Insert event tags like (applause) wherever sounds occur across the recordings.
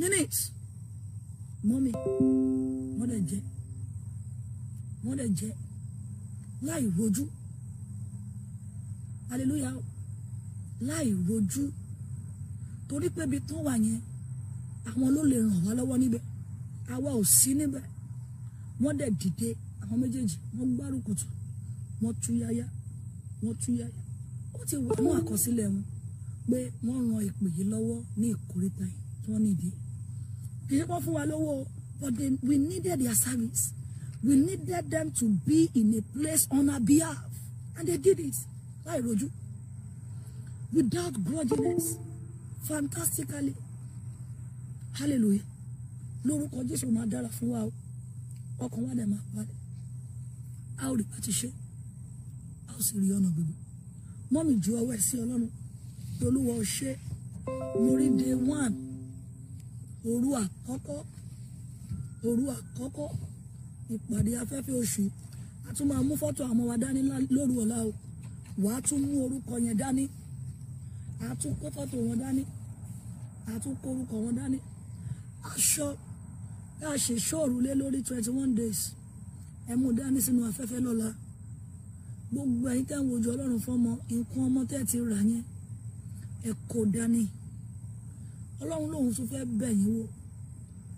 minutes mọ́mi wọ́n dẹ̀ jẹ́ wọ́n dẹ̀ jẹ́ láì rojú hallelujah láì rojú torí pé ibi tán wà yẹn àwọn ló lè ràn wá lọ́wọ́ níbẹ̀ àwa ò sí níbẹ̀ wọ́n dẹ̀ dìde àwọn méjèèjì wọ́n gbárùkù tù wọ́n tú yáyá wọ́n tú yáyá ó ti wà mú àkọsílẹ̀ wọn pé wọ́n ran ìpè yìí lọ́wọ́ ní ìkórìtà yìí tí wọ́n nìdí kì í kọ́ fún wa lówó but they, we needed their service we needed them to be in a place on our behalf and they did it láì rojú without grudginess fantastically hallelujah lórúkọ Jésù máa dára fún wa o ọkàn wa dẹ̀ máa balẹ̀ a ò rí bá ti ṣe a ò sì rí ọ̀nà gbogbo mọ́mì ju ọwọ́ ẹ̀ sí ọlọ́run olúwa ò mo rí day one òru àkọ́kọ́ òru àkọ́kọ́ ìpàdé afẹ́fẹ́ oṣù a tún máa mú fọ́tò àwọn wa dání lóru ọ̀la o wà á tún mú orúkọ yẹn dání a tún kó fọ́tò wọn dání a tún kó orúkọ wọn dání aṣọ a ṣe ṣọ́ọ̀rù lé lórí twenty one days ẹ mú dání sínú afẹ́fẹ́ lọ́la gbogbo ẹ̀yin tẹ́ ń wojú ọlọ́run fọ́mọ nǹkan ọmọ tẹ́ ti rà yẹn ẹ kó dání ọlọ́run lòun tún fẹ́ bẹ̀ yín wò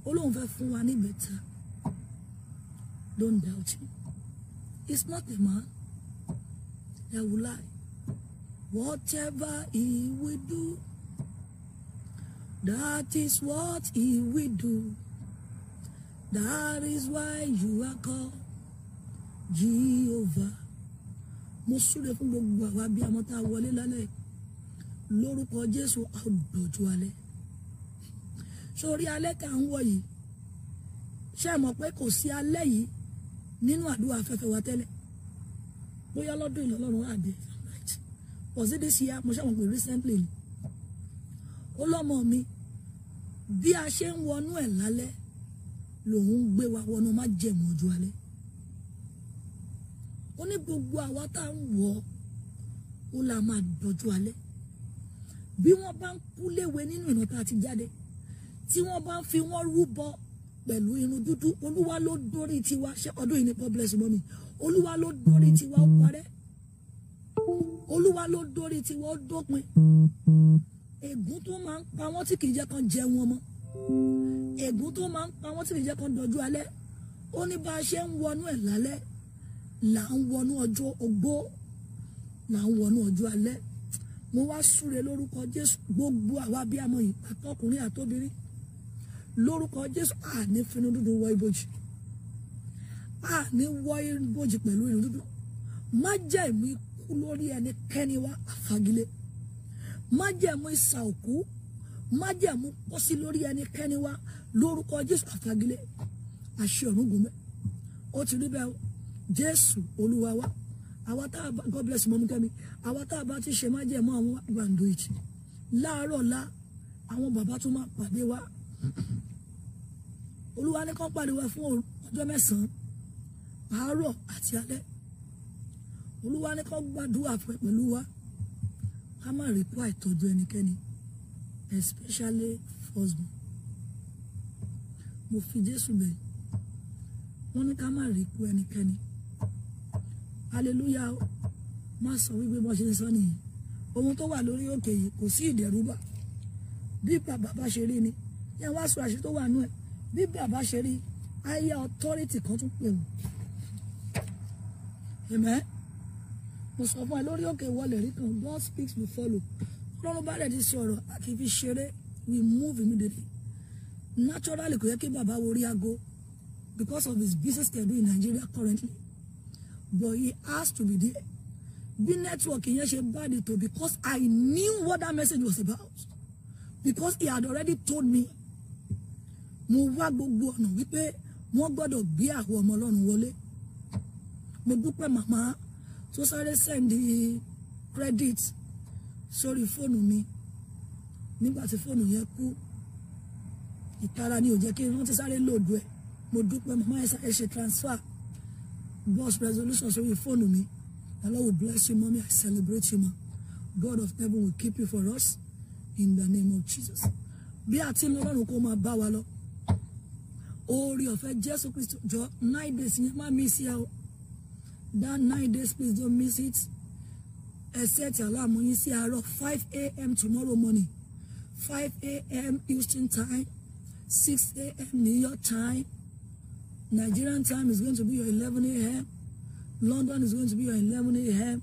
olóhùn fẹ́ fún wa ní better don't doubt him it's not a man that will lie whatever he will do that is what he will do that is why you are called Jehovah mo súre fún gbogbo àwa bí amọ́ta wọlé lálẹ́ lórúkọ Jésù àdọ̀jú alẹ́ sórí alẹ́ tá à ń wọ̀ yìí ṣé mọ̀ pé kò sí alẹ́ yìí nínú àdúrà afẹ́fẹ́ wa tẹ́lẹ̀ bóyá lọ́dún ìlú ọlọ́run àdé was it this year mo ṣàwọn pé recently ni ó lọ́mọ mi bí a ṣe ń wọnú ẹ̀ lálẹ́ lòun ń gbé wa wọnú má jẹ̀mú ojú alẹ́ ó ní gbogbo àwa tá à ń wọ̀ ó la máa dọjú alẹ́ bí wọ́n bá ń kú léwe nínú ìrántá àti jáde tí wọ́n bá fi wọ́n rúbọ pẹ̀lú irun dúdú olúwa ló dórí tiwa ṣé ọdún yìí ni god bless mọ́mi olúwa ló dórí tiwa ó parẹ́ olúwa ló dórí tiwa ó dópin ègún tó máa ń pa wọ́n tí kìí jẹ́ kan jẹ wọn mọ́ ègún tó máa ń pa wọ́n tí kìí jẹ́ kan dọ̀jú alẹ́ ó ní bá a ṣe ń wọnú ẹ̀ lálẹ́ là ń wọnú ọjọ́ ogbó là ń wọnú ọjọ́ alẹ́ mo wá súre lórúkọ jésù gbogbo àwa bí amọ̀ yìí àtọkùnrin àtobìnrin lórúkọ jésù àní finú dúdú wọ ibojì àní wọ ibojì pẹ̀lú inú dúdú má jẹ́ ìmú ikú lórí ẹnikẹ́ni wa àfagilé má jẹ́ ìmú ìsà òkú má jẹ́ ìmú pósí lórí ẹnikẹ́ni wa lórúkọ jésù àfagilé àṣẹ ọ̀run gùnmẹ́ ó ti rí bẹ́ẹ̀ jésù olúwa wa àwa tá a god bless mọ́mú kẹ́mi àwa tá a bá ti ṣe má jẹ́ ìmú àwọn gbàǹdó ìjì láàárọ̀ la àwọn bàbá tó máa pàdé wa olúwa ní kán pàdé wa fún ọjọ́ mẹ́sàn-án àárọ̀ àti alẹ́ olúwa ní kán gbàdúrà pẹ̀lú wa ká má rí kó àìtọ́jú ẹnikẹ́ni especially husband mo fi jésù bẹ̀ wọ́n ní ká má rí kó ẹnikẹ́ni hallelujah má sọ wípé bọ́ ṣe sọ nìyí ohun tó wà lórí òkè yìí kò sí ìdẹ̀rúbà bí bàbá bá ṣe rí ni yẹn wá sọ àṣírí tó wà nù ẹ bí bàbá ṣe rí ayé authority kan tún pè mí ẹmẹ mo sọ fún ẹ lórí òkè ìwọlẹ rí kan God speaks we follow lọ́run bá rẹ̀ ti sọ̀rọ̀ a kì í fi ṣeré we move immediately naturally kò yẹ kí bàbá wo rí aago because of his business schedule in Nigeria currently but he has to be there bí network yẹn ṣe bad tó because I knew what that message was about because he had already told me mo wá gbogbo ọ̀nà wípé wọ́n gbọ́dọ̀ gbé àwọn ọmọ ọlọ́run wọlé mo dúpẹ́ màmá tó sáré sẹ́ndì credit sórí fóònù mi nígbà tí fóònù yẹn kú ìtara ni ò jẹ́ kí wọ́n ti sáré lòdù ẹ̀ mo dúpẹ́ màmá ẹ̀ sáré ṣe transfer boss resolution sórí fóònù mi the Lord will bless you mommy I celebrate you ma God of heaven will keep you for us in the name of Jesus bí àti ńlọrọrùn kó máa bá wa lọ oore ọ̀fẹ́ Jésù Kristu jọ nine days yẹn má miss ya o that nine days please don't miss it ẹ set alarm yín sí àárọ̀ five a.m. tomorrow morning five a.m. Eastern time six a.m. New York time Nigerian time is going to be your eleven a.m. London is going to be your eleven a.m.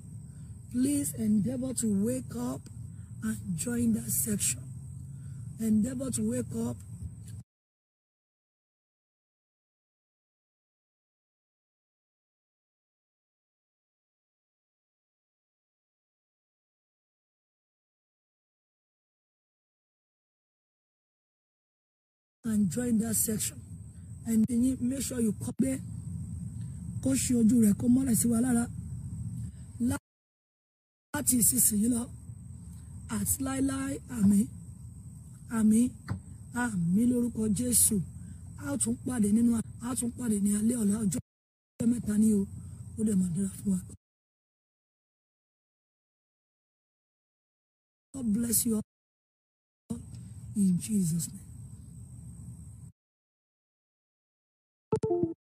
Please endeavour to wake up and join that section endeavour to wake up join that section and then make sure you copy. there kó ṣe ojú rẹ̀ kó mọ́lẹ̀ sí wa lára láti ìsinsìnyí lọ àti láíláí àmín àmín àmín lórúkọ Jésù a tún pàdé nínú a tún pàdé ní alẹ́ ọ̀la ọjọ́ mẹ́ta ní o ó dẹ̀ máa dára fún wa. God bless you all in Jesus' name. Thank you.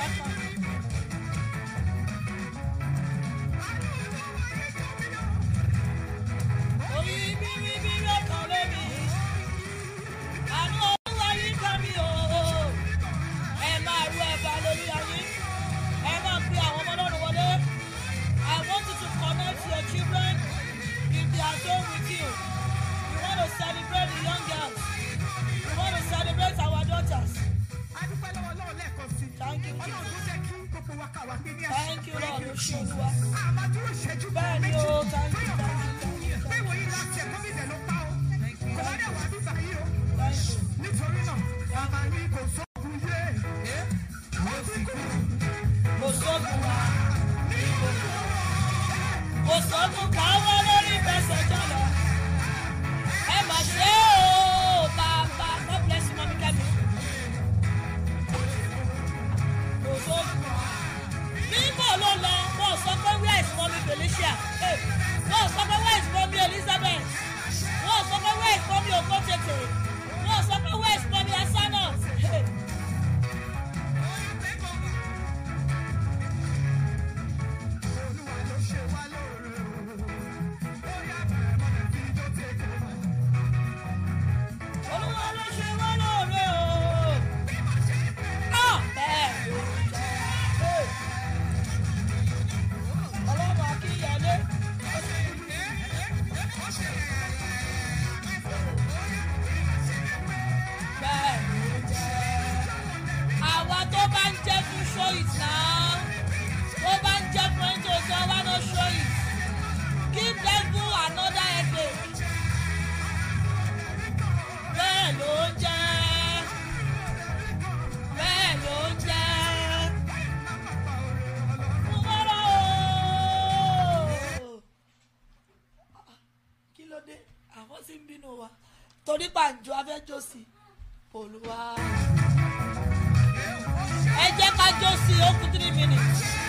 That's awesome. jó sí olúwa. ẹ jẹ́ ká jó sí ó kù three minutes.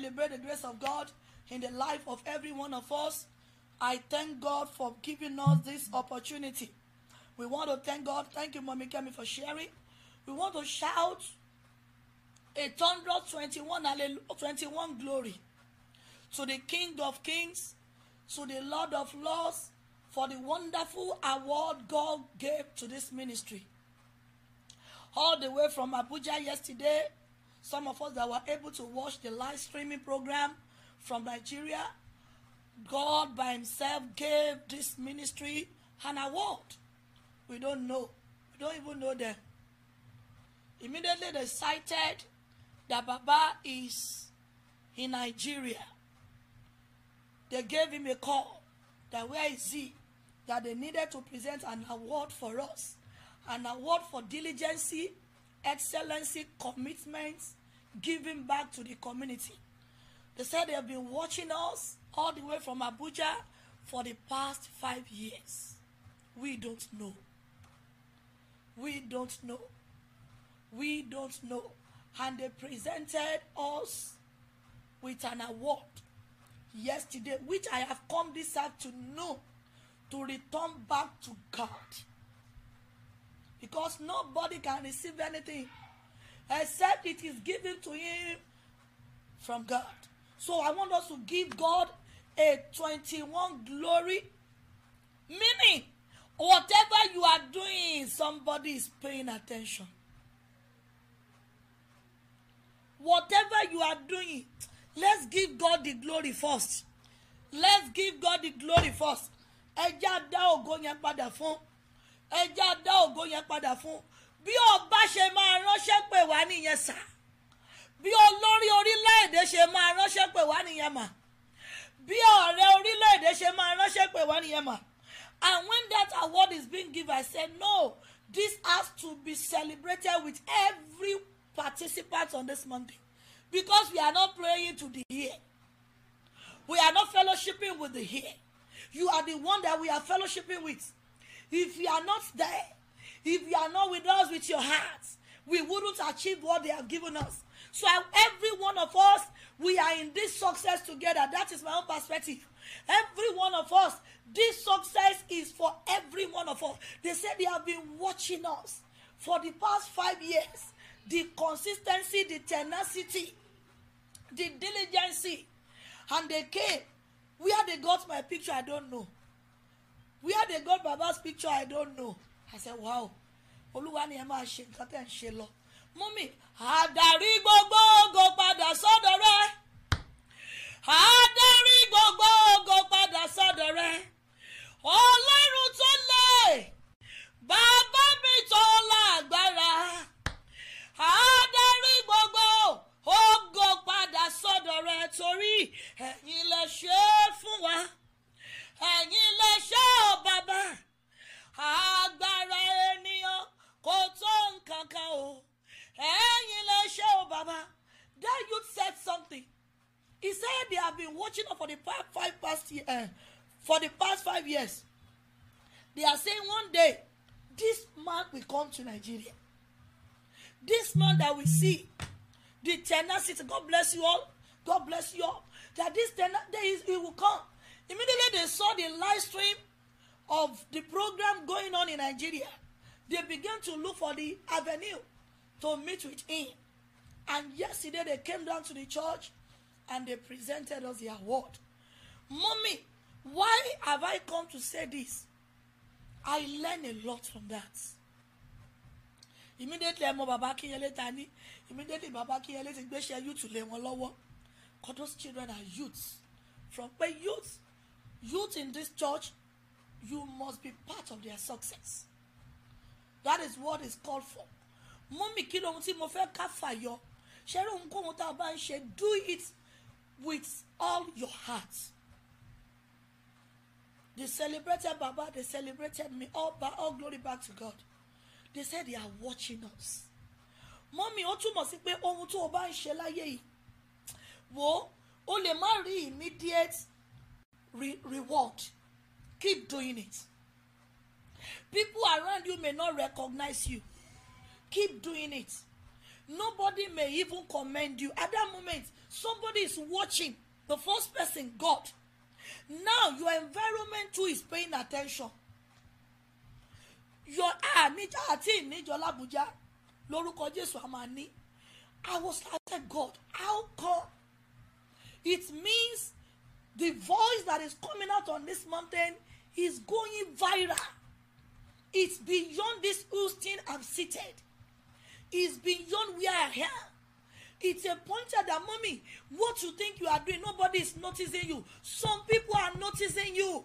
celebrate the grace of God in the life of every one of us. I thank God for giving us this opportunity. We want to thank God. Thank you, Mommy Kemi, for sharing. We want to shout a hundred twenty-one twenty-one glory to the King of Kings, to the Lord of Lords, for the wonderful award God gave to this ministry. All the way from Abuja yesterday, some of us that were able to watch the live streaming program from Nigeria, God by Himself gave this ministry an award. We don't know. We don't even know them. Immediately they cited that Baba is in Nigeria. They gave him a call that where is he? That they needed to present an award for us, an award for diligence excellency commitment giving back to the community. They said they have been watching us all the way from Abuja for the past five years. We don't know. We don't know. We don't know. And they presented us with an award yesterday, which I have come this afternoon to return back to God because nobody can receive anything except it is given to him from God. So I want us to give God a 21 glory. Meaning, whatever you are doing, somebody is paying attention. Whatever you are doing, let's give God the glory first. Let's give God the glory first. Ẹ já dá ògo yẹn padà fún ẹjẹ́ adá ògo yẹn padà fún bí ọba ṣe máa ránṣẹ́ pè wá nìyẹn sà bí olórí orílẹ̀-èdè ṣe máa ránṣẹ́ pè wá nìyẹn mà bí ọ̀rẹ́ orílẹ̀-èdè ṣe máa ránṣẹ́ pè wá nìyẹn mà and when that award is being given I say no this has to be celebrated with every participant on this Monday because we are not praying to the here we are not fellowshipping with the here you are the one that we are fellowshipping with If you are not there, if you are not with us with your heart, we wouldn't achieve what they have given us. So every one of us, we are in this success together. That is my own perspective. Every one of us, this success is for every one of us. They said they have been watching us for the past five years. The consistency, the tenacity, the diligence, and they came. Where they got my picture, I don't know where they go baba's picture i don't know i said wow olúwa ni ẹ máa ṣe nǹkan tẹ̀ ń ṣe lọ mọ́mì àdàrí gbogbo ògo padà sọ́dọ̀ rẹ àdàrí gbogbo ògo padà sọ́dọ̀ rẹ ọlọ́run tó lè bàbá mi tó lágbára àdàrí gbogbo ògo padà sọ́dọ̀ rẹ torí ẹ̀yin lè ṣe é fún wa ẹ̀yin lè ṣe ò bàbá agbára ènìyàn kò tó nǹkan kan o ẹ̀yin lè ṣe ò bàbá that youth said something he said they have been watching for the past five past year, eh, for the past five years they are saying one day this man will come to nigeria this man that we see the tenacity god bless you all god bless you all that this tenacity he will come Immediately they saw the live stream of the program going on in Nigeria. They began to look for the avenue to meet with him. And yesterday they came down to the church and they presented us the award. Mummy, why have I come to say this? I learned a lot from that. Immediately ẹ mọ bàbá Akínyẹlé ta ní immediately bàbá Akínyẹlé ti gbéṣẹ́ youth lé wọn lọ́wọ́. Cause those children are youths from pé youths youth in this church, you must be part of their success. That is what is called for. Mú mi kí lóhun tí mo fẹ́ ká fàyọ. Ṣé lóhun kóhun tá a bá ń ṣe? Do it with all your heart. They celebrated Baba, they celebrated me. All, back, all glory back to God. They said they are watching us. Mọ́mí ó túmọ̀ sí pé ohun tó o bá ń ṣe láyé yìí. Wo o lè má rí immediate re- reward. Keep doing it. People around you may not recognize you. Keep doing it. Nobody may even commend you. At that moment, somebody is watching. The first person, God. Now, your environment too is paying attention. Your ah, níjà àti ìníjọ lábújá lórúkọ Jésù amani. I was like, God, how come? It means the voice that is coming out on this mountain is going viral it's beyond this houston i'm seated it's beyond where i am it's a pointer that mommy what you think you are doing nobody is noticing you some people are noticing you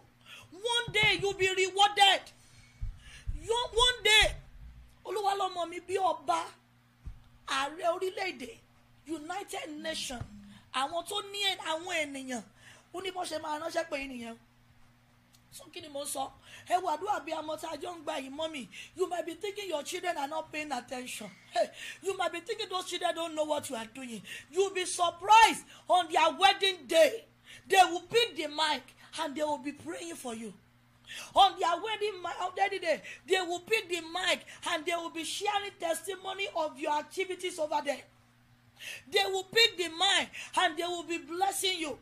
one day you'll be rewarded you one day olúwalọ́mọ mi bí ọba ààrẹ orílẹ̀-èdè united nations àwọn tó ní àwọn ènìyàn ó ní bó ṣe máa ránṣẹ́ pé nìyẹn sún kí ni mo sọ ẹ wo àdúrà bíi amọ̀tàjọ́ ń gba yìí mọ́mì you might be thinking your children are not paying attention hey, you might be thinking those children don't know what you are doing you be surprised on their wedding day they will pick the mic and they will be praying for you on their wedding wedding day they will pick the mic and they will be sharing testimony of your activities over there they will pick the mic and they will be blessing you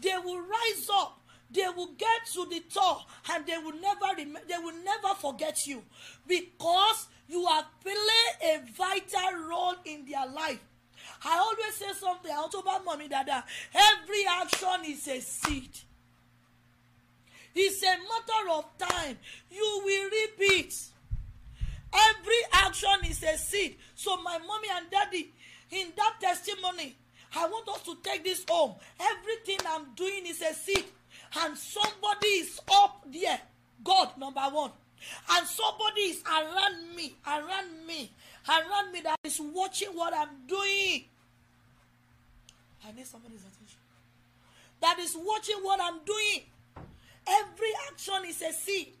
they will rise up they will get to the top and they will never rem- they will never forget you because you have played a vital role in their life i always say something i also about mommy dada every action is a seed it's a matter of time you will repeat. every action is a seed so my mommy and daddy in that testimony I want us to take this home. Everything I'm doing is a seed, and somebody is up there. God, number one. And somebody is around me, around me, around me that is watching what I'm doing. I need somebody's attention. That is watching what I'm doing. Every action is a seed.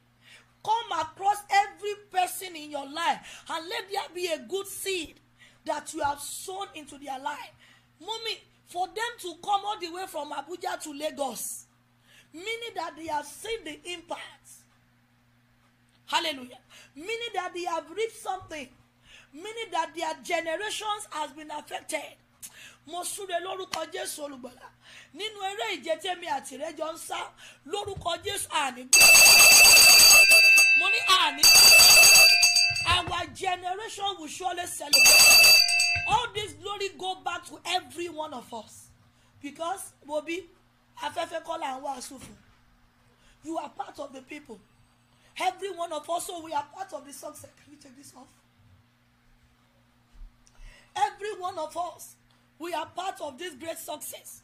Come across every person in your life and let there be a good seed that you have sown into their life. Mummy, for them to come all the way from Abuja to Lagos, meaning that they have seen the impact. Hallelujah. Meaning that they have reached something. Meaning that their generations has been affected. mo súre lórúkọ jésù olùgbàlà nínú eré ìje tèmi àti rẹ jọ ń sá lórúkọ jésù àní mo ní àní our generation will surely celebrate all this glory go back to every one of us because bobi afẹ́fẹ́ kọ́ là ń you are part of the people every one of us so we are part of the success can you take this off every one of us we are part of this great success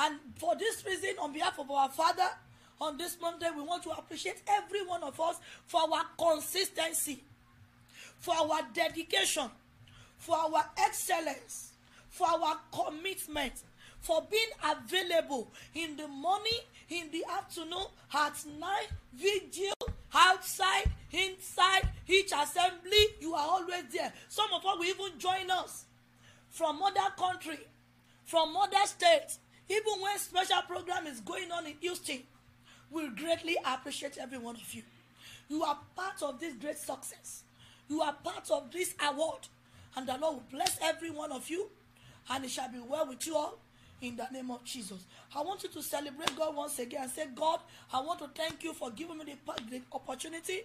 and for this reason on behalf of our father on this Monday we want to appreciate every one of us for our consistency for our dedication for our excellence, for our commitment, for being available in the morning, in the afternoon, at night, video, outside, inside, each assembly, you are always there. Some of us will even join us from other country, from other states, even when special program is going on in Houston. We greatly appreciate every one of you. You are part of this great success. You are part of this award and the Lord will bless every one of you, and it shall be well with you all in the name of Jesus. I want you to celebrate God once again and say, God, I want to thank you for giving me the, the opportunity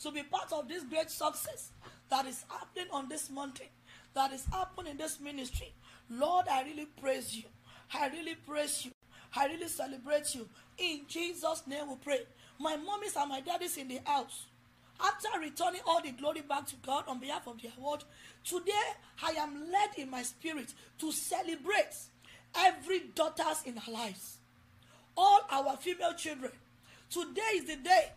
to be part of this great success that is happening on this mountain, that is happening in this ministry. Lord, I really praise you. I really praise you. I really celebrate you. In Jesus' name we pray. My mommies and my daddies in the house after returning all the glory back to God on behalf of the award, today I am led in my spirit to celebrate every daughters in our lives, all our female children. Today is the day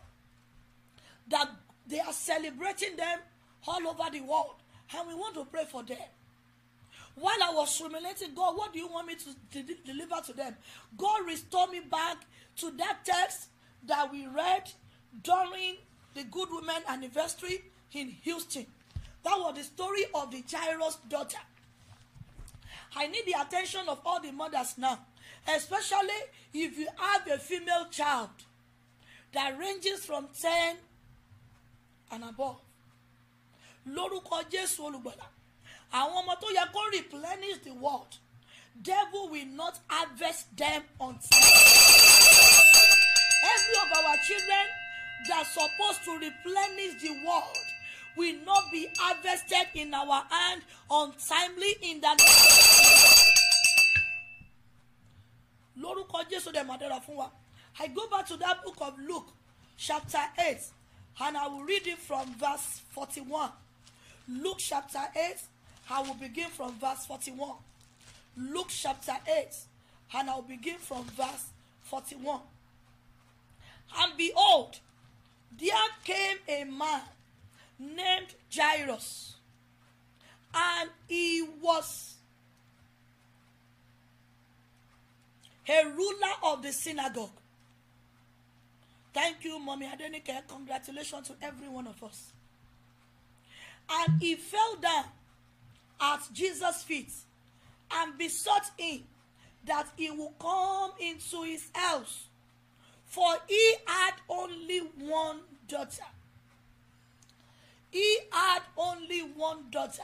that they are celebrating them all over the world, and we want to pray for them. While I was ruminating, God, what do you want me to de- deliver to them? God, restore me back to that text that we read during the Good Women Anniversary in Houston. That was the story of the Jairus daughter. I need the attention of all the mothers now, especially if you have a female child that ranges from ten and above. Lórúkọ Jésù olùgbàlà, àwọn ọmọ to yẹ kó replenish the world, devil will not harvest them until Every of our children that supposed to replenish the world will not be harvested in our hand untimely in the lórúkọ jésù dẹ̀ màdàrà fún wa i go back to that book of luke chapter eight and i will read it from verse forty-one luke chapter eight i will begin from verse forty-one luke chapter eight and i will begin from verse forty-one and behold there came a man named Jairus, and he was a ruler of the synagogue. Thank you, Mommy Adenike. Congratulations to every one of us. And he fell down at Jesus' feet and besought him that he would come into his house For he had only one daughter. He had only one daughter.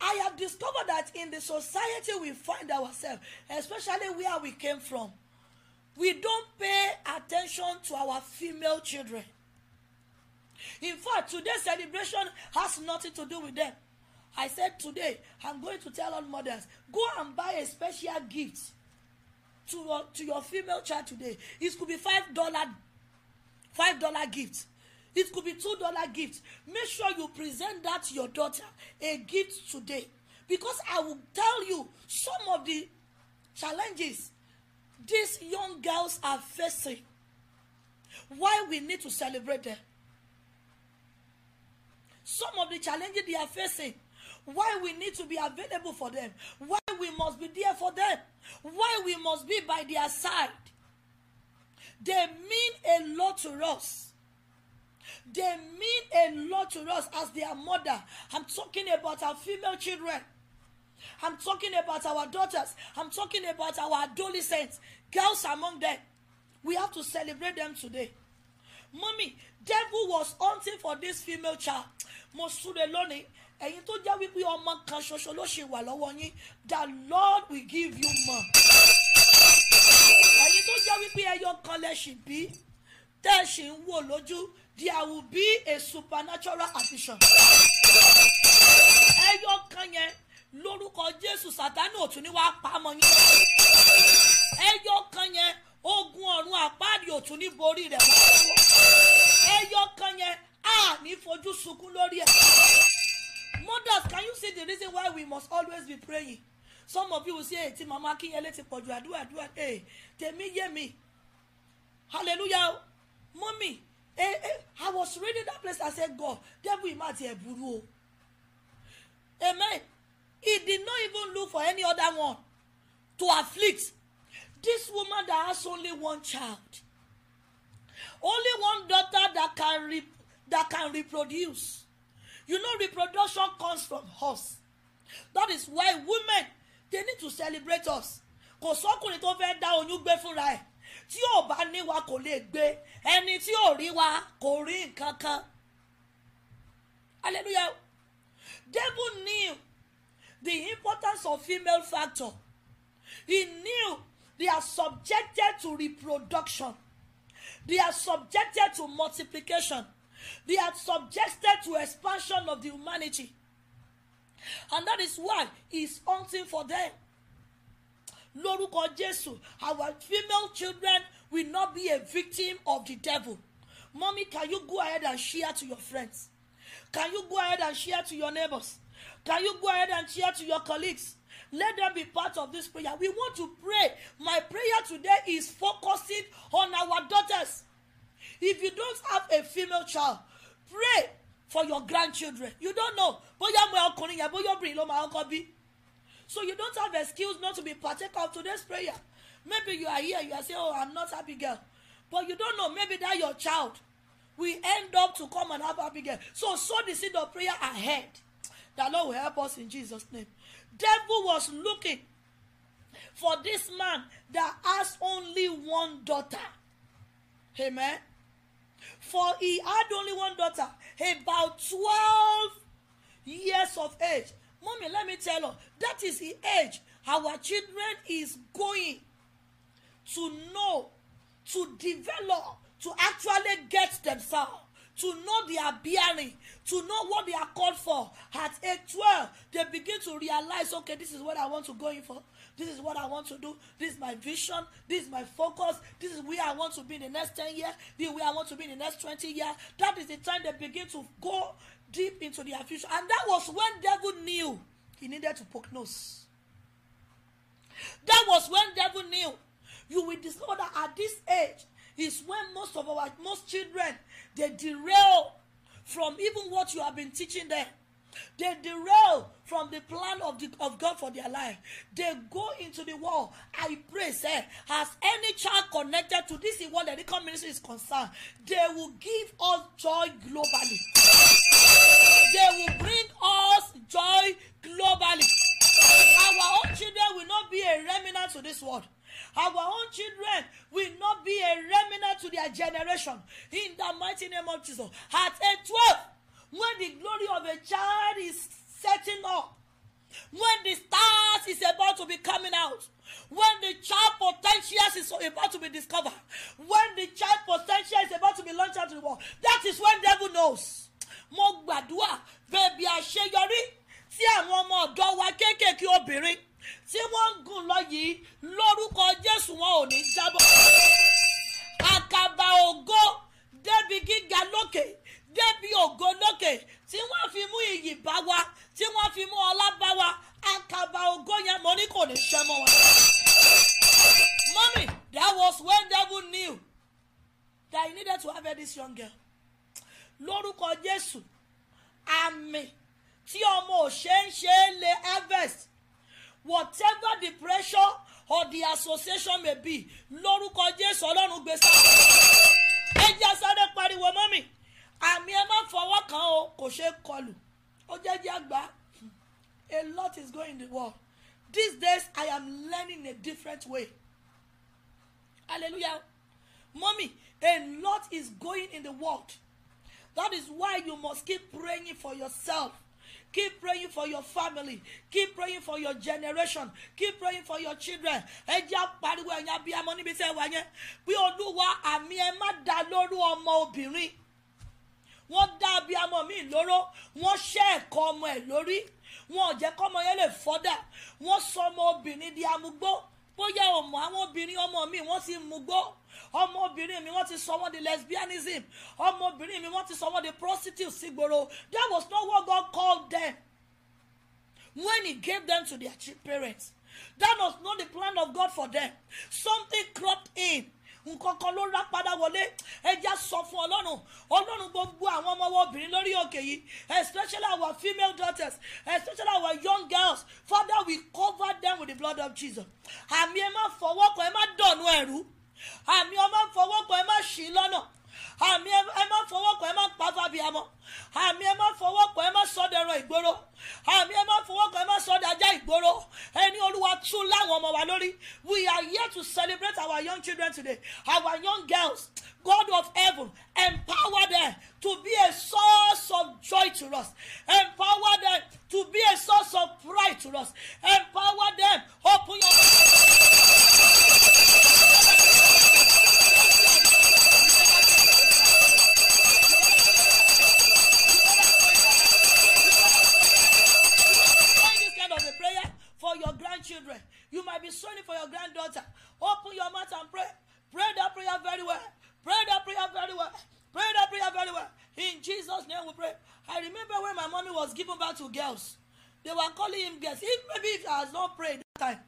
I have discovered that in the society we find ourselves, especially where we came from, we don't pay attention to our female children. In fact, today's celebration has nothing to do with them. I said today, I'm going to tell all mothers, go and buy a special gift to your to your female child today it could be five dollar five dollar gift it could be two dollar gift make sure you present that to your daughter a gift today because i will tell you some of the challenges these young girls are facing why we need to celebrate them some of the challenges they are facing why we need to be available for them, why we must be there for them, why we must be by their side. They mean a lot to us. They mean a lot to us as their mother. I'm talking about our female children. I'm talking about our daughters. I'm talking about our adolescents, girls among them. We have to celebrate them today. Mommy, devil was hunting for this female child. Mosure ẹ̀yin tó jẹ́ wípé ọmọ kan ṣoṣo ló ṣe wà lọ́wọ́ yín the lord will give you more ẹ̀yin tó jẹ́ wípé ẹyọ kan lẹ ṣì bí tẹ́ ẹ ṣì ń wò lójú there will be a supernatural addition ẹyọ kan yẹn lórúkọ jésù sátánì òtún ní wàá pamọ́ yín ẹyọ kan yẹn ogun ọ̀run àpáàdì òtún ní borí rẹ̀ wọ́n ẹyọ kan yẹn a ní fojú sunkún lórí ẹ̀ mothers can you see the reason why we must always be praying some of you will say hey, ti mama akinyele ti pọ̀jù àdúrà àdúrà hey, tèmi yé mi hallelujah mọ́mì hey, eh, eh, hey, i was reading that place i said god devil ima ti ẹ̀ burú o amen he did not even look for any other one to afflict this woman that has only one child only one daughter that can re that can reproduce you know reproduction comes from us that is why women they need to celebrate us kò sọ́kùnrin tó fẹ́ dá oyún gbé fúnra ẹ̀ tí ò bá ní wa kò lè gbé ẹni tí ò rí wa kò rí nǹkan kan hallelujah devil knew the importance of female factor he knew they are subjected to reproduction they are subjected to multiplication They are subjected to expansion of the humanity. And that is why is hunting for them. lórúkọ jésù our female children will not be a victim of the devil mommy can you go ahead and share to your friends can you go ahead and share to your neighbors can you go ahead and share to your colleagues let them be part of this prayer we want to pray my prayer today is focusing on our daughters if you don't have a female child pray for your grandchildren you don't know bóyá mo ọkùnrin yẹn bóyá obìnrin ló máa kọ́ bí so you don't have excuse not to be partake of today's prayer maybe you are here you are saying oh i'm not happy girl." but you don't know maybe that your child will end up to come and have happy girl. so sow the seed of prayer ahead the lord will help us in jesus name devil was looking for this man that has only one daughter amen For he had only one daughter, about twelve years of age. Mommy, let me tell you, that is the age our children is going to know, to develop, to actually get themselves to know their bearing, to know what they are called for. At age twelve, they begin to realize, okay, this is what I want to go in for. This is what I want to do. This is my vision. This is my focus. This is where I want to be in the next ten years. This is where I want to be in the next twenty years. That is the time they begin to go deep into their future. And that was when devil knew he needed to poke nose. That was when devil knew. You will discover that at this age is when most of our most children they derail from even what you have been teaching them They derail from the plan of, the, of God for their life. They go into the wall. I pray, say, as any child connected to this world that the Come is concerned, they will give us joy globally. They will bring us joy globally. Our own children will not be a remnant to this world. Our own children will not be a remnant to their generation. In the mighty name of Jesus. At age 12, when the glory of a child is setting up when the stars is about to be coming out when the child potentials is about to be discovered when the child potential is about to be launched out to the world that is when devil knows mo gbàdúrà bèbí àṣeyọrí tí àwọn ọmọ ọ̀dọ́ wa kéékèèké obìnrin tí wọ́n ń gùn lọ yìí lórúkọ jésù wọn ò ní jábọ́ àkàbà ògo débi gíga lókè débi ògo lókè tí wọ́n fi mú iyì bá wa tí wọ́n fi mú ọlá bá wa àkàbà ògo yẹn mo ní kò ní ṣẹ́ mọ́ wa. Mommy, that was when devil knew that he needed to have this young girl. Lórúkọ Jésù, àmì tí ọmọ ò ṣe ń lè harvest whatever the pressure or the association may be lórúkọ Jésù ọlọ́run gbèsè. Ẹ jẹ́ sáré pariwo mọ́mì àmì ẹ má fọwọ́ kan o kò ṣe é kọlù ó jẹ́ jẹ́ àgbà a lot is going in the world these days i am learning a different way hallelujah mommy a lot is going in the world that is why you must keep praying for yourself keep praying for your family keep praying for your generation keep praying for your children ẹ jẹ́ àpariwo ẹ̀yìn abiyamọ níbi tí ẹ wà yẹn bí olúwa àmì ẹ má dá lórí ọmọ obìnrin wọ́n dá abiyamọ mi lóró wọ́n ṣẹ́ ẹ̀kọ́ ọmọ ẹ̀ lórí wọn ò jẹ́ kọ́mọ yẹn lè fọ́dà wọ́n sọ ọmọ obìnrin di amúgbó bóyá ọmọ àwọn obìnrin ọmọ mi wọ́n ti mugbó ọmọbìnrin mi wọ́n ti sọ wọ́n di lesbianism ọmọbìnrin mi wọ́n ti sọ wọ́n di prostitute sígboro that was not what God called them when he gave them to their parents that was not the plan of God for them something cropped in nǹkan kan ló rá padà wọlé ẹja sọ fún ọlọ́run ọlọ́run gbogbo àwọn ọmọ wọn obìnrin lórí òkè yìí especially our female daughters especially our young girls father we cover them with the blood of jesus àmì ẹ má fọwọ́ kan ẹ má dọ̀nù ẹ̀rú àmì ọmọ fọwọ́ kan ẹ má ṣì lọ́nà àmì ẹ má fọwọ́ kàn ẹ má pa fábíàmọ́ àmì ẹ má fọwọ́ kàn ẹ má sọdẹ̀rọ̀ ìgboro àmì ẹ má fọwọ́ kàn ẹ má sọdàjà ìgboro ẹni olúwa tún láwọn ọmọ wa lórí we are here to celebrate our young children today our young girls God of heaven empower them to be a source of joy to us empower them to be a source of pride to us empower them open your. You might be sorry for your granddaughter. Open your mouth and pray. Pray that prayer very well. Pray that prayer very well. Pray that prayer very well. In Jesus' name we pray. I remember when my mommy was given back to girls. They were calling him girls. If maybe if he has not prayed that time,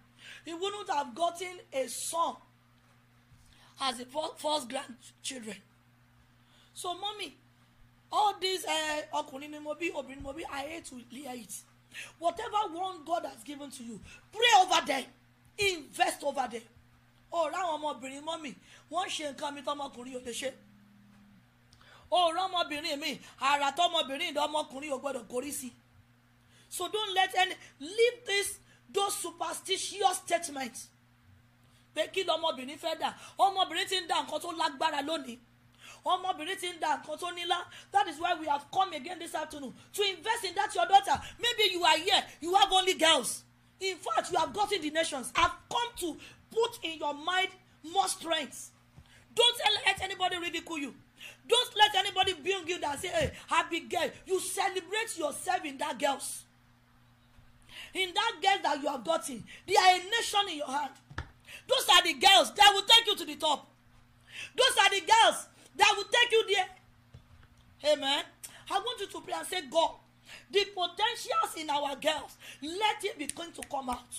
he wouldn't have gotten a son as the first grandchildren. So, mommy, all these eh, ọkùnrin ni mo bí obìnrin ni I hate to hear it. Whatever one God has given to you, pray over them, invest over them. Ọ̀rọ̀ oh, àwọn ọmọbìnrin mọ́ mi, wọ́n ṣe nǹkan mi tọmọkùnrin ò lè ṣe. Ọ̀rọ̀ oh, ọmọbìnrin mi, àrà tọmọbìnrin ìdọ́mọkùnrin ò gbọ́dọ̀ kórí sí. So don't let any leave this those superstitious statements. Pé kí lọmọbìnrin fẹ́ dà, ọmọbìnrin ti ń dà nǹkan tó lágbára lónìí ọmọbìnrin ti ń da nǹkan tó nílá that is why we have come again this afternoon to invest in that your daughter maybe you are here you have only girls in fact you have gotten the nations i have come to put in your mind more strength don't let anybody ridicule you don't let anybody bring you down say hey happy girl you celebrate yourself in that girls in that girl that you have gotten they are a nation in your hand those are the girls that will take you to the top those are the girls that will take you there. Amen. I want you to pray and say, God, the potentials in our girls, let it begin to come out.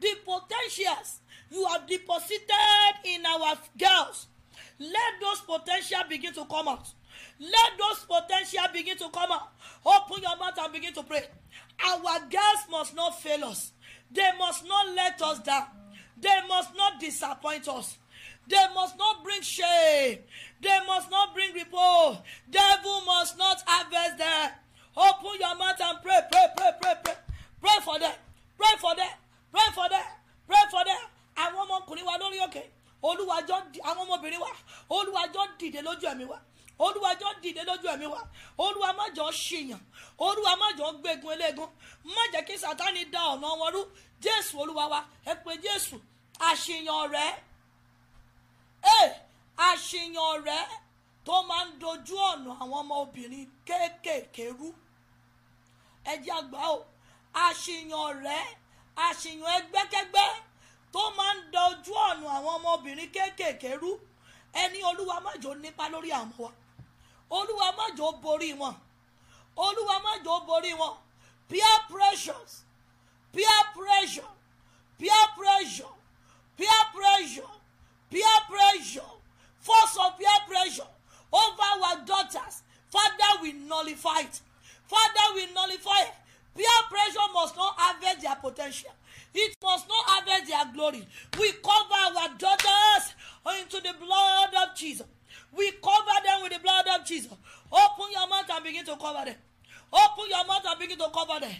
The potentials you have deposited in our girls, let those potential begin to come out. Let those potential begin to come out. Open your mouth and begin to pray. Our girls must not fail us. They must not let us down. They must not disappoint us. They must not bring shame. They must not bring repose. Devil must not harvest them. Open your mouth and pray, pray, pray, pray, pray. Pray for them. Pray for them. Pray for them. Pray for them. Àwọn ọmọkùnrin wa lórí òkè. Olúwàjọ́ àwọn ọmọbìnrin wa. Olúwàjọ́ dìde lójú ẹ̀mí wa. Olúwàjọ́ dìde lójú ẹ̀mí wa. Olúwa má jọ ṣìyàn. Olúwa má jọ gbégun eléegun. Má jẹ́ kí Sátánì da ọ̀nà wọn rú. Jésù Olúwa wa. Ẹ pé Jésù. Àṣìyàn rẹ̀. Eh, àṣeyàn rẹ tó máa ń dojú ọ̀nà àwọn ọmọ obìnrin kéékèèké rú ẹjẹ́ àgbà o àṣeyàn rẹ àṣeyàn ẹgbẹ́kẹ́gbẹ́ tó máa ń dojú ọ̀nà àwọn ọmọbìnrin kéékèèké rú ẹni olúwa májò nípa lórí àwọn wa olúwa májò borí wọn olúwa májò borí wọn peer pressures peer pressure peer pressure peer pressure peer pressure force of peer pressure over our daughters father will nullify it father will nullify it peer pressure must not harvest their po ten tial it must not harvest their glory we cover our daughters into the blood of jesus we cover them with the blood of jesus open your mouth and begin to cover them open your mouth and begin to cover them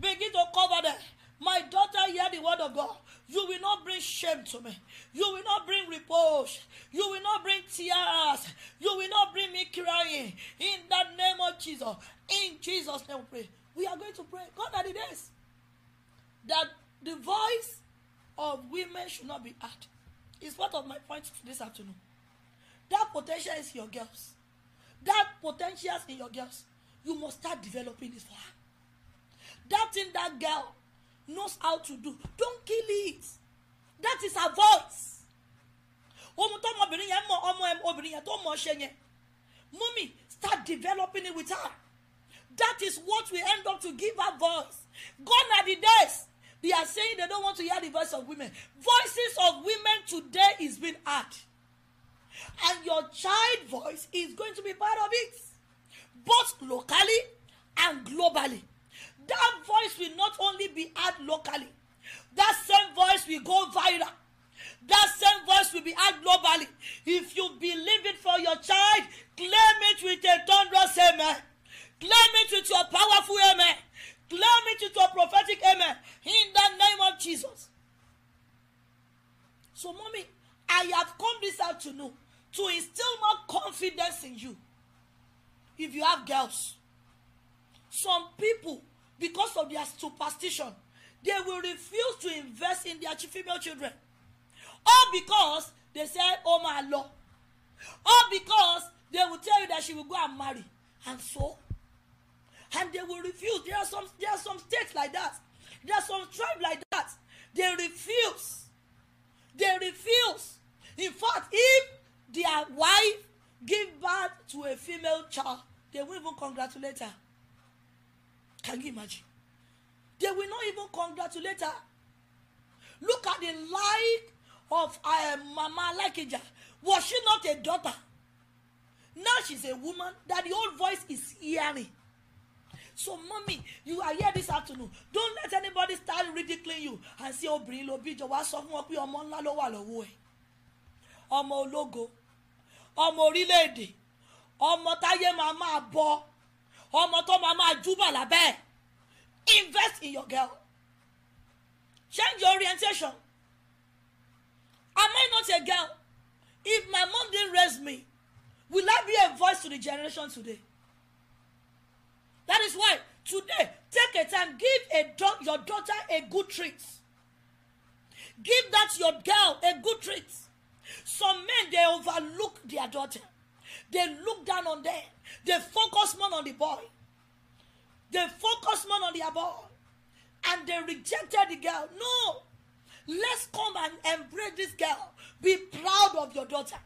begin to cover them. My daughter, hear the word of God. You will not bring shame to me. You will not bring reproach. You will not bring tears. You will not bring me crying. In the name of Jesus. In Jesus' name we pray. We are going to pray. God that it is. That the voice of women should not be heard. is part of my point this afternoon. That potential is your girls. That potential is in your girls. You must start developing this for her. That thing that girl knows how to do don't kill it that is her voice ohun tó ọmọbìnrin yẹn mọ ọmọ obìnrin yẹn tó mọ ṣe yẹn mummy start developing it with her that is what we end up to give her voice gone are the days they are saying they don't want to hear the voice of women voices of women today is being heard and your child voice is going to be part of it both locally and globally that voice will not only be heard locally that same voice will go viral that same voice will be heard globally if you believe it for your child claim it with a thunderous amen claim it with your powerful amen claim it with your prophetic amen in the name of jesus so mommy i have come this afternoon to instill more confidence in you if you have girls some people because of their superstition they will refuse to invest in their female children all because they say oh my law." all because they will tell you that she will go and marry and so and they will refuse there are some there are some states like that there are some tribes like that they refuse they refuse in fact if their wife give birth to a female child they won't even congratulate her Can you imagine? They will not even congratulate her. Look at the life of uh, Mama Lakija. Was she not a daughter? Now she's a woman that the old voice is hearing. So, mommy, you are here this afternoon. Don't let anybody start ridiculing you and say, obìnrin ló bí jọ̀wọ́ sọ fún wọn pé ọmọ ńlá ló wà lọ́wọ́ ẹ̀. Ọmọ ológo, ọmọ orílẹ̀-èdè, ọmọ táyé máa máa bọ́ ọmọ tó máa máa júbà lábẹ́ invest in your girl change your orientation am I not a girl if my mom didn't raise me will I be a voice to the generation today that is why today take a time give a do your daughter a good treat give that your girl a good treat some men dey overlook their daughter they look down on them They focus more on the boy. They focus more on their boy. And they rejected the girl. No. Let's come and embrace this girl. Be proud of your daughter.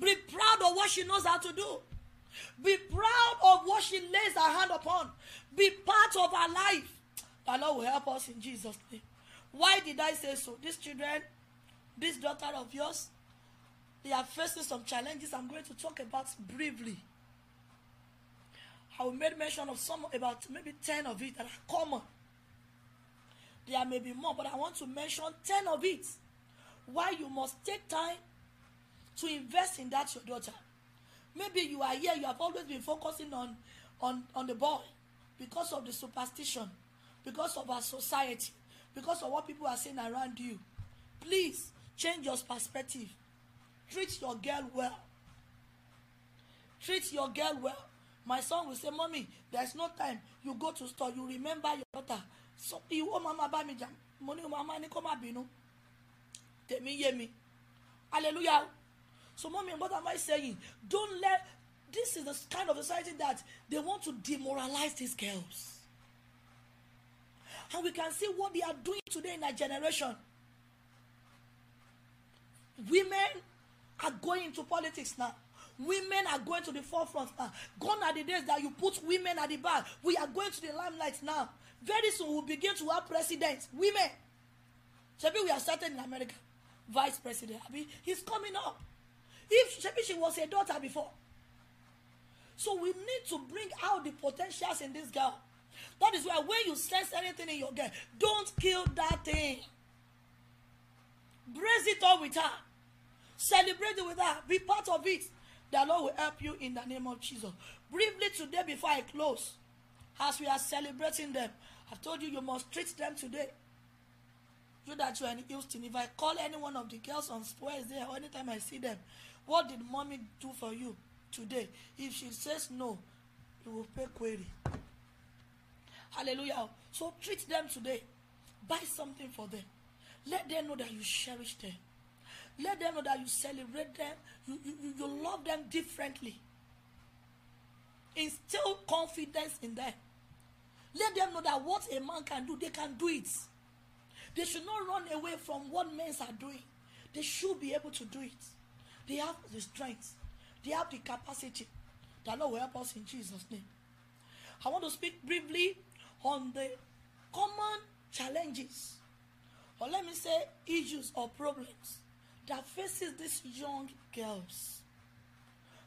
Be proud of what she knows how to do. Be proud of what she lays her hand upon. Be part of her life. The Lord will help us in Jesus' name. Why did I say so? These children, this daughter of yours, they are facing some challenges I'm going to talk about briefly. I made mention of some about maybe ten of it that are common. There may be more, but I want to mention ten of it. Why you must take time to invest in that your daughter. Maybe you are here, you have always been focusing on, on, on the boy because of the superstition, because of our society, because of what people are saying around you. Please change your perspective. Treat your girl well. Treat your girl well my son will say mommy there's no time you go to store you remember your daughter so ìwọ mama bá mi jam? mo ní mama ni kó má bínú tèmi yé mi hallelujah so mummy, what am I saying don't let this is the kind of society that they want to demoralize these girls and we can see what they are doing today in our generation women are going into politics now Women are going to the forefront now. Ah, gone are the days that you put women at the back. We are going to the limelight now. Very soon we'll begin to have presidents, women. Shebi, we are starting in America. Vice president, Abi, he's coming up. If Shebi, she was a daughter before. So we need to bring out the potentials in this girl. That is why when you sense anything in your girl, don't kill that thing. Brace it up with her. Celebrate it with her. Be part of it. The Lord will help you in the name of Jesus. Briefly today, before I close, as we are celebrating them, I told you you must treat them today. You that you are in Houston. If I call any one of the girls on Square is there, or anytime I see them, what did mommy do for you today? If she says no, you will pay query. Hallelujah. So treat them today. Buy something for them. Let them know that you cherish them. Let them know that you celebrate them, you, you, you love them differently. Instill confidence in them. Let them know that what a man can do, they can do it. They should not run away from what men are doing. They should be able to do it. They have the strength, they have the capacity. The Lord will help us in Jesus' name. I want to speak briefly on the common challenges, or let me say, issues or problems that faces these young girls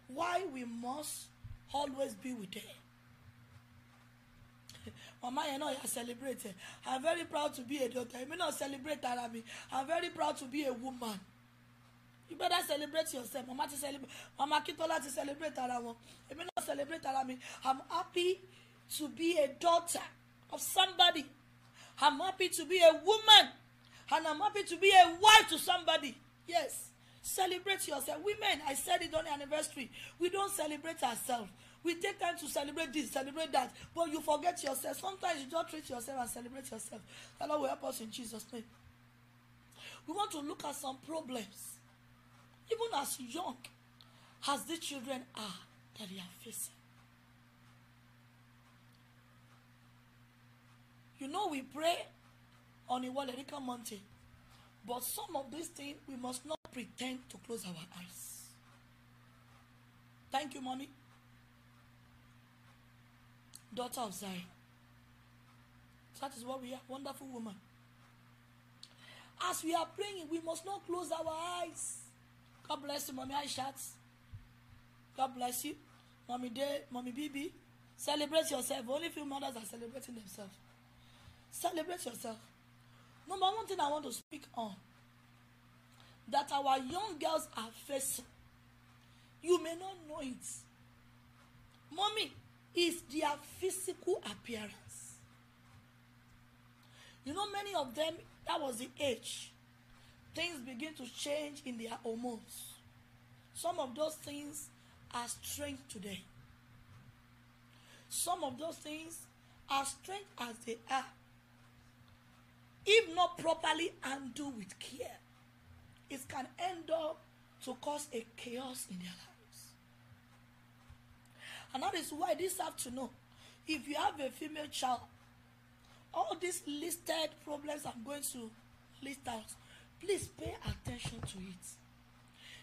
why we must always be with them. (laughs) Mama you yẹn náà yà celebrate I'm very proud to be a daughter. You may not celebrate ara mi. I'm very proud to be a woman. You better celebrate yourself. Mama to celebrate Mama Kitola to celebrate ara You may not celebrate ara mi. I'm happy to be a daughter of somebody. I'm happy to be a woman and I'm happy to be a wife to somebody. Yes. Celebrate yourself. Women, I said it on the anniversary. We don't celebrate ourselves. We take time to celebrate this, celebrate that, but you forget yourself. Sometimes you just treat yourself and celebrate yourself. The Lord will help us in Jesus' name. We want to look at some problems, even as young as the children are that they are facing. You know, we pray on the Walerika Mountain. But some of these things, we must not pretend to close our eyes. Thank you, mommy. Daughter of Zion. That is what we are. Wonderful woman. As we are praying, we must not close our eyes. God bless you, mommy. I shut. God bless you, mommy. Day, mommy, BB. Celebrate yourself. Only few mothers are celebrating themselves. Celebrate yourself. Number one thing I want to speak on that our young girls are facing. You may not know it. Mommy is their physical appearance. You know, many of them, that was the age. Things begin to change in their hormones. Some of those things are strange today. Some of those things, are strange as they are, if not properly handled with care, it can end up to cause a chaos in their lives. And that is why this have to know. if you have a female child, all these listed problems I'm going to list out, please pay attention to it.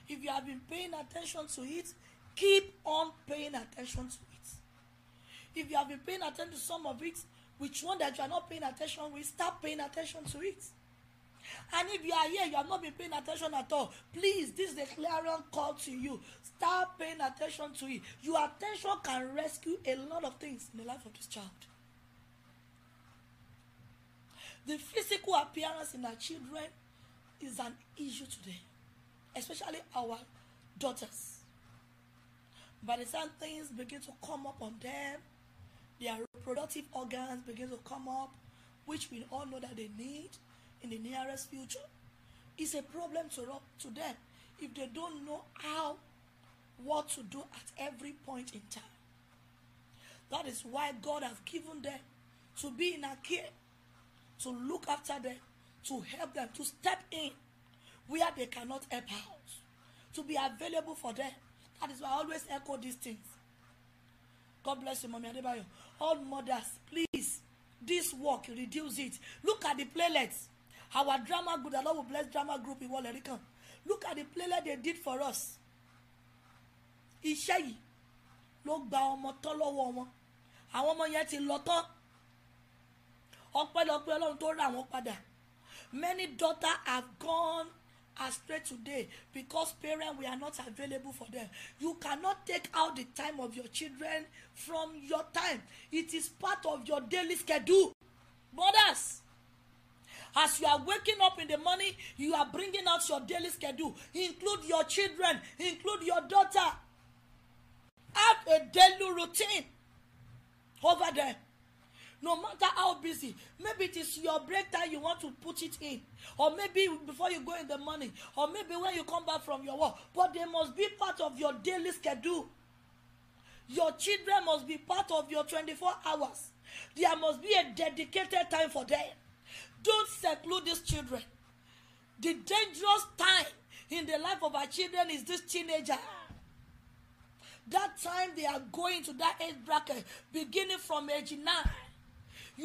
If you have been paying attention to it, keep on paying attention to it. If you have been paying attention to some of it, which one that you are not paying attention will start paying attention to it and if you are here you have not been paying attention at all please this is a clarion call to you start paying attention to it your attention can rescue a lot of things in the life of this child the physical appearance in our children is an issue today especially our daughters by the time things begin to come up on them their reproductive organs begin to come up, which we all know that they need in the nearest future. It's a problem to, to them if they don't know how, what to do at every point in time. That is why God has given them to be in a care, to look after them, to help them, to step in where they cannot help out, to be available for them. That is why I always echo these things. God bless you, Mommy Adebayo all mothers please this work reduce it look at the playlets our drama group the lord will bless drama group in ìwọlẹ̀ ríkan look at the playlet they did for us iṣẹ́ yìí ló gba ọmọ tọ́ lọ́wọ́ wọn àwọn ọmọ yẹn ti lọ tán ọpẹ́lọpẹ́ ọlọ́run tó rà wọ́n padà many daughters have gone astray today because parents we are not available for them you cannot take out the time of your children from your time it is part of your daily schedule mothers as you are waking up in the morning you are bringing out your daily schedule include your children include your daughter have a daily routine over there no matter how busy maybe it is your break time you want to put it in or maybe before you go in the morning or maybe when you come back from your work but they must be part of your daily schedule your children must be part of your twenty-four hours there must be a dedicated time for them don't seclude these children the dangerous time in the life of our children is this teenager that time they are going to that age bracket beginning from age nine